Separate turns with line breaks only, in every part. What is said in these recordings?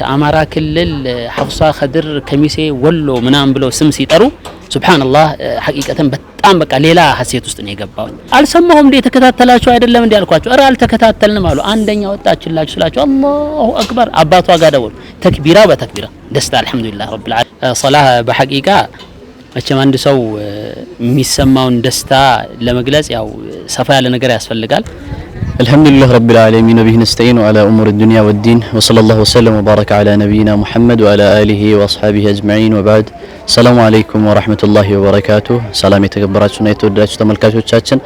ከአማራ ክልል ሐፍሳ፣ ከድር፣ ከሚሴ፣ ወሎ ምናምን ብለው ስም ሲጠሩ ሱብሃነላህ ሐቂቀተን በጣም በቃ ሌላ ሀሴት ውስጥ ነው የገባው። አልሰማሁም እንዴ የተከታተላችሁ አይደለም እንዴ አልኳቸው። እረ አልተከታተልንም አሉ። አንደኛ ወጣችላችሁ ስላቸው አላሁ አክበር አባቷ ጋር ደወሉ። ተክቢራ በተክቢራ ደስታ አልሐምዱሊላህ ረብል ዓለሚን። ሰላህ በሐቂቃ መቼም አንድ ሰው የሚሰማውን ደስታ ለመግለጽ ያው ሰፋ ያለ ነገር ያስፈልጋል።
አልሐምዱሊላህ ረቢል ዓለሚን ወቢህ ነስተዒን ወዓላ እሙሪ ዱንያ ወዲን ወሰለላሁ ወሰለም ወባረከ ዓላ ነቢይና ሙሐመድ ወዓላ አሊሂ ወአስሓቢሂ አጅመዒን ወባዕድ። ሰላሙ አለይኩም ወረሕመቱላሂ ወበረካቱ ሰላም የተከበራችሁና የተወደዳችሁ ተመልካቾቻችን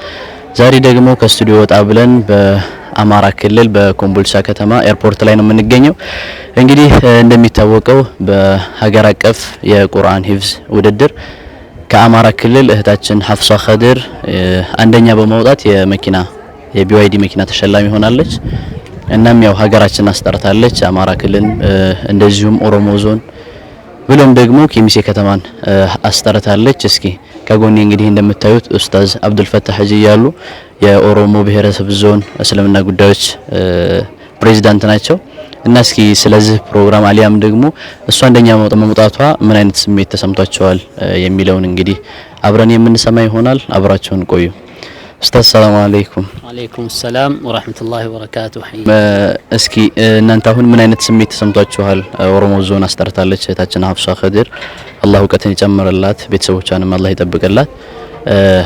ዛሬ ደግሞ ከስቱዲዮ ወጣ ብለን በአማራ ክልል በኮምቦልቻ ከተማ ኤርፖርት ላይ ነው የምንገኘው። እንግዲህ እንደሚታወቀው በሀገር አቀፍ የቁርአን ሂፍዝ ውድድር ከአማራ ክልል እህታችን ሀፍሷ ከድር አንደኛ በመውጣት የመኪና የቢዋይዲ መኪና ተሸላሚ ሆናለች። እናም ያው ሀገራችን አስጠርታለች። አማራ ክልል እንደዚሁም ኦሮሞ ዞን ብሎም ደግሞ ኬሚሴ ከተማን አስጠርታለች። እስኪ ከጎኔ እንግዲህ እንደምታዩት ኡስታዝ አብዱልፈታህ ሀጂ እያሉ የኦሮሞ ብሔረሰብ ዞን እስልምና ጉዳዮች ፕሬዚዳንት ናቸው እና እስኪ ስለዚህ ፕሮግራም አሊያም ደግሞ እሷ አንደኛ መውጣቷ ምን አይነት ስሜት ተሰምቷቸዋል የሚለውን እንግዲህ አብረን የምንሰማ ይሆናል። አብራቸውን ቆዩ። ኡስታዝ ሰላም አለይኩም።
ወአለይኩም ሰላም ወራህመቱላሂ ወበረካቱ።
እስኪ እናንተ አሁን ምን አይነት ስሜት ተሰምቷችኋል? ኦሮሞ ዞን አስጠርታለች እህታችን ሀፍሷ ኸድር፣ አላህ እውቀትን ይጨምርላት፣ ቤተሰቦቿንም አላህ ይጠብቅላት፣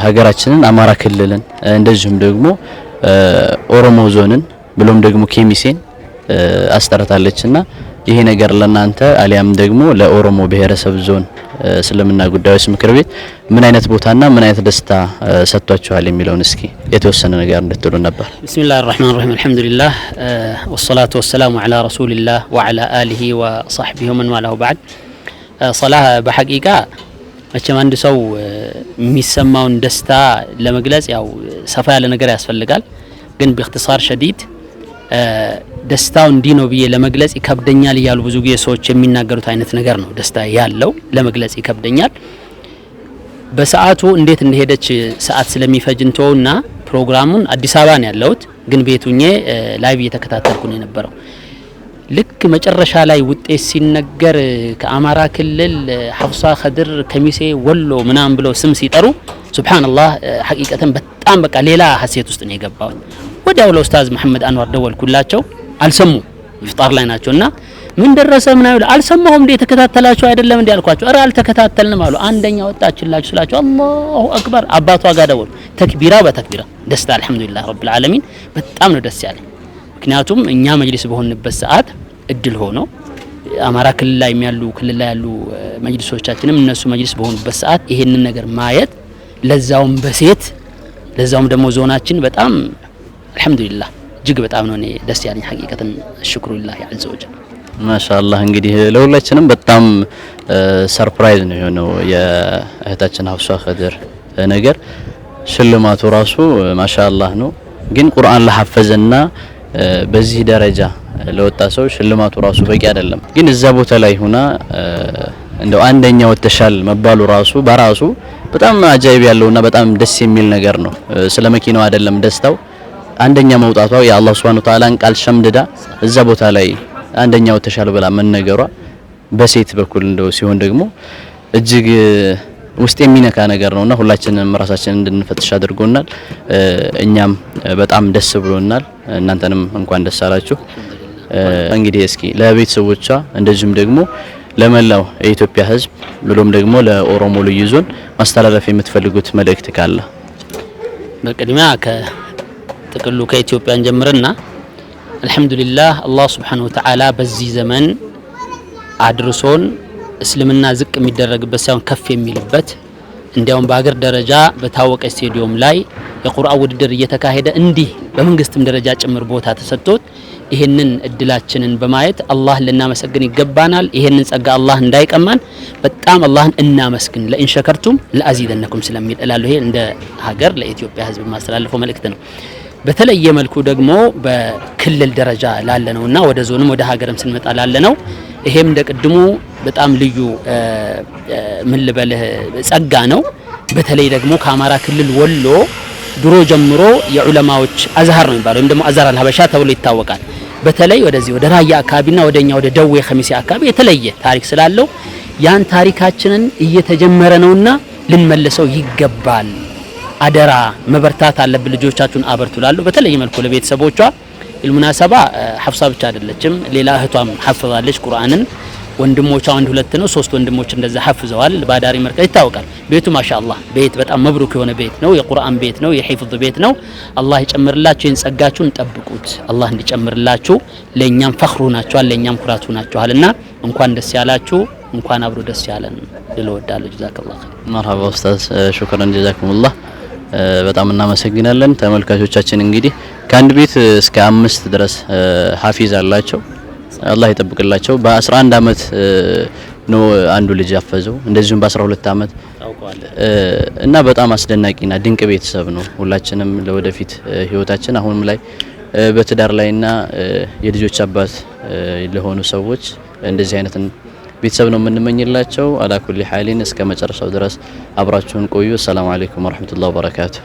ሀገራችንን አማራ ክልልን እንደዚሁም ደግሞ ኦሮሞ ዞንን ብሎም ደግሞ ኬሚሴን አስጠርታለች ና ። ይሄ ነገር ለናንተ አሊያም ደግሞ ለኦሮሞ ብሔረሰብ ዞን እስልምና ጉዳዮች ምክር ቤት ምን አይነት ቦታና ምን አይነት ደስታ ሰጥቷችኋል የሚለውን እስኪ የተወሰነ ነገር እንድትሉ ነበር።
ብስሚላህ ራህማን ራሂም አልሐምዱሊላህ ወሰላቱ ወሰላሙ ዓላ ረሱሊላህ ወዓላ አሊሂ ወሳሕቢሂ ወመን ዋላሁ በዕድ። ሰላህ በሐቂቃ መቼም አንድ ሰው የሚሰማውን ደስታ ለመግለጽ ያው ሰፋ ያለ ነገር ያስፈልጋል። ግን በእክትሳር ሸዲድ ደስታው እንዲህ ነው ብዬ ለመግለጽ ይከብደኛል እያሉ ብዙ ጊዜ ሰዎች የሚናገሩት አይነት ነገር ነው። ደስታ ያለው ለመግለጽ ይከብደኛል። በሰዓቱ እንዴት እንደሄደች ሰዓት ስለሚፈጅንቶና ፕሮግራሙን አዲስ አበባ ነው ያለሁት፣ ግን ቤቱኜ ላይቭ እየተከታተልኩ ነው የነበረው። ልክ መጨረሻ ላይ ውጤት ሲነገር ከአማራ ክልል ሐፍሳ ከድር ከሚሴ ወሎ ምናምን ብለው ስም ሲጠሩ ሱብሃነላህ ሐቂቀተን በጣም በቃ ሌላ ሀሴት ውስጥ ነው የገባሁት። ወዲያው ለኡስታዝ መሐመድ አንዋር ደወልኩላቸው። አልሰሙ ኢፍጣር ላይ ናቸው እና ምን ደረሰ ምን አይሉ አልሰማሁም እንዴ ተከታተላችሁ አይደለም እንዴ አልኳቸው ኧረ አልተከታተልንም አሉ አንደኛ ወጣችላችሁ ስላቸው አላሁ አክበር አባቷ ጋር ደወሉ ተክቢራ በተክቢራ ደስታ አልহামዱሊላህ ረብል ዓለሚን በጣም ነው ደስ ያለኝ ምክንያቱም እኛ መጅሊስ በሆንበት ሰዓት እድል ሆኖ አማራ ክልል ላይ የሚያሉ ክልል ላይ ያሉ መጅሊሶቻችንም እነሱ መጅሊስ በሆኑበት ሰዓት ይሄንን ነገር ማየት ለዛውም በሴት ለዛውም ደግሞ ዞናችን በጣም አልহামዱሊላህ እጅግ በጣም ነው እኔ ደስ ያለኝ ሀቂቀትን ሽክሩላህ አዘ ወጀል።
ማሻአላህ እንግዲህ ለሁላችንም በጣም ሰርፕራይዝ ነው የሆነው የእህታችን ሀፍሷ ከድር ነገር ሽልማቱ ራሱ ማሻአላህ ነው። ግን ቁርአን ለሐፈዘና በዚህ ደረጃ ለወጣ ሰው ሽልማቱ ራሱ በቂ አይደለም። ግን እዛ ቦታ ላይ ሆና እንደው አንደኛ ወተሻል መባሉ ራሱ በራሱ በጣም አጃይብ ያለውና በጣም ደስ የሚል ነገር ነው። ስለ መኪናው አይደለም ደስታው አንደኛ መውጣቷ የአላህ ሱብሓነሁ ወተዓላን ቃል ሸምድዳ እዛ ቦታ ላይ አንደኛ ወጥተሻል ብላ መነገሯ በሴት በኩል እንደው ሲሆን ደግሞ እጅግ ውስጥ የሚነካ ነገር ነውና ሁላችንም ራሳችን እንድንፈትሽ አድርጎናል። እኛም በጣም ደስ ብሎናል። እናንተንም እንኳን ደስ አላችሁ። እንግዲህ እስኪ ለቤተሰቦቿ እንደዚሁም ደግሞ ለመላው የኢትዮጵያ ሕዝብ ብሎም ደግሞ ለኦሮሞ ልዩ ዞን ማስተላለፍ የምትፈልጉት መልእክት ካለ
በቅድሚያ ጥቅሉ ከኢትዮጵያ ጀምርና አልሐምዱሊላህ አላህ ስብሓነሁ ወተዓላ በዚህ ዘመን አድርሶን እስልምና ዝቅ የሚደረግበት ሳይሆን ከፍ የሚልበት እንዲያውም በሀገር ደረጃ በታወቀ ስቴዲዮም ላይ የቁርአን ውድድር እየተካሄደ እንዲህ በመንግስትም ደረጃ ጭምር ቦታ ተሰጥቶት ይህንን እድላችንን በማየት አላህን ልናመሰግን ይገባናል። ይህንን ጸጋ አላህ እንዳይቀማን በጣም አላህን እናመስግን። ለኢንሸከርቱም ለአዚደነኩም ስለሚል እላለሁ። ይሄ እንደ ሀገር ለኢትዮጵያ ህዝብ የማስተላልፈው መልእክት ነው። በተለየ መልኩ ደግሞ በክልል ደረጃ ላለ ነው እና ወደ ዞንም ወደ ሀገርም ስንመጣ ላለ ነው። ይሄም እንደ ቅድሙ በጣም ልዩ ምን ልበልህ ጸጋ ነው። በተለይ ደግሞ ከአማራ ክልል ወሎ ድሮ ጀምሮ የዑለማዎች አዝሃር ነው የሚባለው ወይም ደግሞ አዝሃር አልሀበሻ ተብሎ ይታወቃል። በተለይ ወደዚህ ወደ ራያ አካባቢና ወደኛ ወደ ደዌ ከሚሴ አካባቢ የተለየ ታሪክ ስላለው ያን ታሪካችንን እየተጀመረ ነውና ልንመልሰው ይገባል። አደራ መበርታት አለብን፣ ልጆቻችሁን አበርቱ ላሉ በተለየ መልኩ ለቤተሰቦቿ ኢልሙናሰባ ሀፍሳ ብቻ አይደለችም፣ ሌላ እህቷም ሀፍዛለች ቁርአንን። ወንድሞቿ አንድ ሁለት ነው ሶስት ወንድሞች እንደዛ ሀፍዘዋል። ባዳሪ መርከ ይታወቃል። ቤቱ ማሻአላህ ቤት በጣም መብሩክ የሆነ ቤት ነው። የቁርአን ቤት ነው። የሂፍዝ ቤት ነው። አላህ ይጨምርላችሁ። ይህን ጸጋችሁን ጠብቁት። አላህ እንዲጨምርላችሁ ለእኛም ፈኽሩ ናችኋል፣ ለኛም ኩራቱ ናችኋል። እና እንኳን ደስ ያላችሁ እንኳን አብሮ ደስ ያለን ልወዳለሁ። ጀዛከላህ
መርሐባ ኡስታዝ ሹክራን ጀዛኩሙላህ በጣም እናመሰግናለን። ተመልካቾቻችን እንግዲህ ከአንድ ቤት እስከ አምስት ድረስ ሀፊዝ አላቸው። አላህ ይጠብቅላቸው። በ11 አመት ነው አንዱ ልጅ ያፈዘው፣ እንደዚሁም በ12 አመት እና በጣም አስደናቂና ድንቅ ቤተሰብ ነው። ሁላችንም ለወደፊት ህይወታችን አሁንም ላይ በትዳር ላይና የልጆች አባት ለሆኑ ሰዎች እንደዚህ አይነትን ቤተሰብ ነው የምንመኝላቸው። አላኩል ሀሊን እስከ መጨረሻው ድረስ አብራችሁን ቆዩ። አሰላሙ አለይኩም ወረህመቱላሂ ወበረካቱ።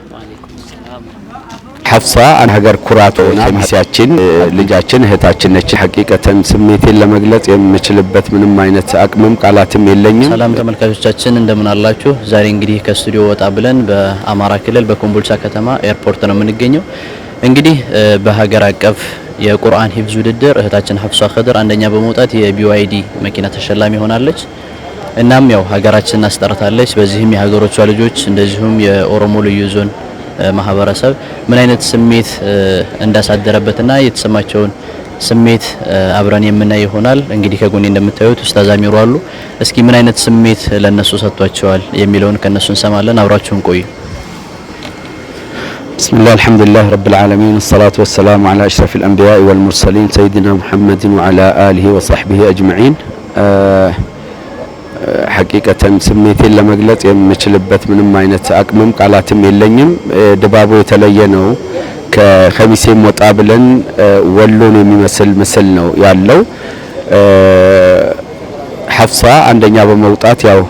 ሀፍሳ አንሀገር ሀገር ኩራት ሚስያችን ልጃችን እህታችን ነች። ሀቂቀተን ስሜቴን ለመግለጽ የምችልበት ምንም አይነት አቅምም ቃላትም የለኝም።
ሰላም ተመልካቾቻችን እንደምን አላችሁ? ዛሬ እንግዲህ ከስቱዲዮ ወጣ ብለን በአማራ ክልል በኮምቦልቻ ከተማ ኤርፖርት ነው የምንገኘው። እንግዲህ በሀገር አቀፍ የቁርአን ሂብዝ ውድድር እህታችን ሀፍሷ ከድር አንደኛ በመውጣት የቢዋይዲ መኪና ተሸላሚ ሆናለች። እናም ያው ሀገራችንን አስጠርታለች። በዚህም የሀገሮቿ ልጆች እንደዚሁም የኦሮሞ ልዩ ዞን ማህበረሰብ ምን አይነት ስሜት እንዳሳደረበትና የተሰማቸውን ስሜት አብረን የምናይ ይሆናል። እንግዲህ ከጎኔ እንደምታዩት ኡስታዝ አሚሩ አሉ። እስኪ ምን አይነት ስሜት ለነሱ ሰጥቷቸዋል የሚለውን ከነሱ እንሰማለን። አብራችሁን ቆዩ።
ብስሚላህ አልሐምዱሊላህ ረብል ዓለሚን ወሰላቱ ወሰላሙ ዓላ አሽረፊል አንቢያኢ ወል ሙርሰሊን ሰይድና ሙሐመድን ወዓላ አሊሂ ወሰሕቢሂ አጅመዒን። ሐቂቀተን ስሜቴን ለመግለጽ የምችልበት ምንም አይነት አቅምም ቃላትም የለኝም። uh, ድባቡ የተለየ ነው። ከከሚሴም ወጣ ብለን uh, ወሎን የሚመስል ምስል ነው ያለው። ሀፍሳ uh, አንደኛ በመውጣት ያው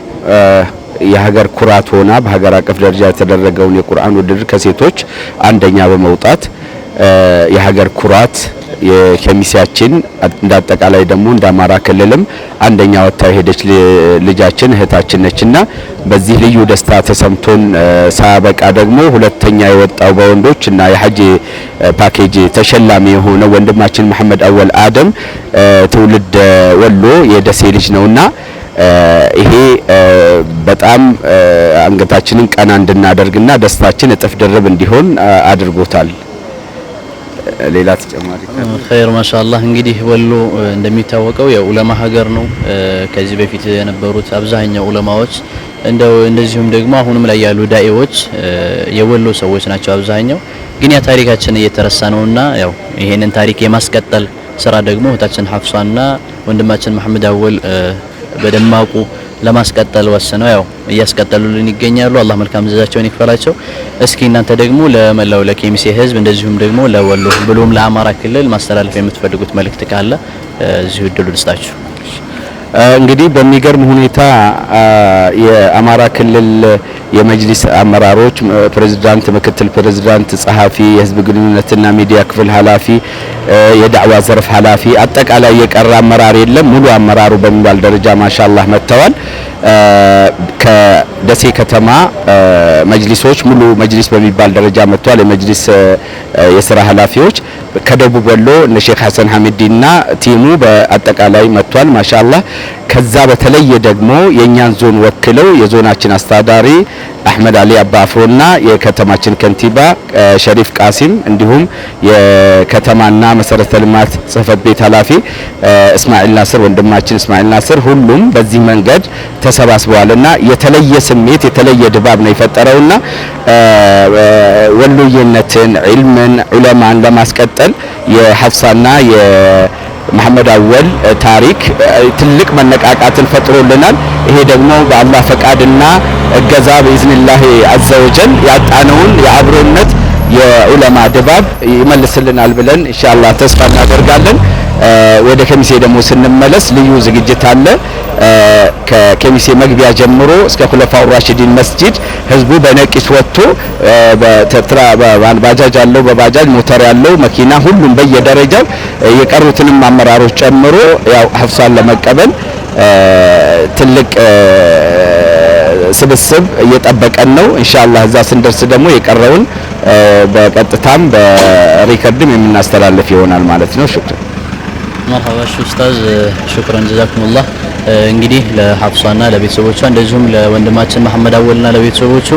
የሀገር ኩራት ሆና በሀገር አቀፍ ደረጃ የተደረገውን የቁርአን ውድድር ከሴቶች አንደኛ በመውጣት የሀገር ኩራት የከሚሴያችን እንደ አጠቃላይ ደግሞ እንደ አማራ ክልልም አንደኛ ወጥታ የሄደች ልጃችን እህታችን ነችና በዚህ ልዩ ደስታ ተሰምቶን ሳያበቃ ደግሞ ሁለተኛ የወጣው በወንዶች እና የሀጅ ፓኬጅ ተሸላሚ የሆነው ወንድማችን መሐመድ አወል አደም ትውልድ ወሎ የደሴ ልጅ ነውና ይሄ በጣም አንገታችንን ቀና እንድናደርግና ደስታችን እጥፍ ድርብ እንዲሆን አድርጎታል። ሌላ ተጨማሪ
ኸይር ማሻአላህ። እንግዲህ ወሎ እንደሚታወቀው የኡለማ ሀገር ነው። ከዚህ በፊት የነበሩት አብዛኛው ኡለማዎች እንደው እንደዚሁም ደግሞ አሁንም ላይ ያሉ ዳኤዎች የወሎ ሰዎች ናቸው አብዛኛው። ግን ያ ታሪካችን እየተረሳ ነውና ያው ይሄንን ታሪክ የማስቀጠል ስራ ደግሞ እህታችን ሀፍሷና ወንድማችን መሐመድ አወል በደማቁ ለማስቀጠል ወስነው ያው እያስቀጠሉልን ይገኛሉ። አላህ መልካም ዘዛቸውን ይክፈላቸው። እስኪ እናንተ ደግሞ ለመላው ለኬሚሴ ህዝብ እንደዚሁም ደግሞ ለወሎ ብሎም ለአማራ ክልል ማስተላለፍ የምትፈልጉት መልእክት ካለ እዚሁ እድሉ ልስጣችሁ።
እንግዲህ በሚገርም ሁኔታ የአማራ ክልል የመጅሊስ አመራሮች፣ ፕሬዝዳንት፣ ምክትል ፕሬዝዳንት፣ ጸሐፊ፣ የህዝብ ግንኙነትና ሚዲያ ክፍል ኃላፊ፣ የዳዕዋ ዘርፍ ኃላፊ፣ አጠቃላይ የቀረ አመራር የለም። ሙሉ አመራሩ በሚባል ደረጃ ማሻላህ መጥተዋል። ከደሴ ከተማ መጅሊሶች ሙሉ መጅሊስ በሚባል ደረጃ መጥተዋል። የመጅሊስ የስራ ኃላፊዎች ከደቡብ ወሎ እነ ሼክ ሀሰን ሀሚዲና ቲሙ በአጠቃላይ መጥቷል። ማሻላ ከዛ በተለየ ደግሞ የእኛን ዞን ወክለው የዞናችን አስተዳዳሪ አህመድ አሊ አባፍሮና የከተማችን ከንቲባ ሸሪፍ ቃሲም እንዲሁም የከተማና መሰረተ ልማት ጽህፈት ቤት ኃላፊ እስማኤል ናስር ወንድማችን እስማኤል ናስር ሁሉም በዚህ መንገድ ተሰባስበዋልና የተለየ ስሜት የተለየ ድባብ ነው የፈጠረውና ወሎዬነትን ዒልምን ዑለማን ለማስቀጠል በመቀጠል የሀፍሳና የመሐመድ አወል ታሪክ ትልቅ መነቃቃትን ፈጥሮልናል። ይሄ ደግሞ በአላህ ፈቃድና እገዛ በኢዝኒላህ አዘወጀል ያጣነውን የአብሮነት የዑለማ ድባብ ይመልስልናል ብለን ኢንሻአላህ ተስፋ እናደርጋለን። ወደ ከሚሴ ደግሞ ስንመለስ ልዩ ዝግጅት አለ። ከከሚሴ መግቢያ ጀምሮ እስከ ኩለፋው ራሽዲን መስጂድ ህዝቡ በነቂስ ወጥቶ በተትራ ባጃጅ አለው፣ በባጃጅ ሞተር ያለው መኪና ሁሉም በየደረጃው የቀሩትንም አመራሮች ጨምሮ ያው ሀፍሷን ለመቀበል ትልቅ ስብስብ እየጠበቀን ነው። ኢንሻአላህ እዛ ስንደርስ ደግሞ የቀረውን በቀጥታም በሪከርድም የምናስተላልፍ ይሆናል ማለት ነው። ሹክራን
መርሀባሽ ኡስታዝ ሽኩረን ጀዛኩሙላህ። እንግዲህ ለሀፍሷና ለቤተሰቦቿ እንደዚሁም ለወንድማችን መሐመድ አወልና ለቤተሰቦቹ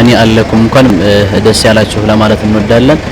እኔ አለኩም እንኳን ደስ ያላችሁ ለማለት እንወዳለን።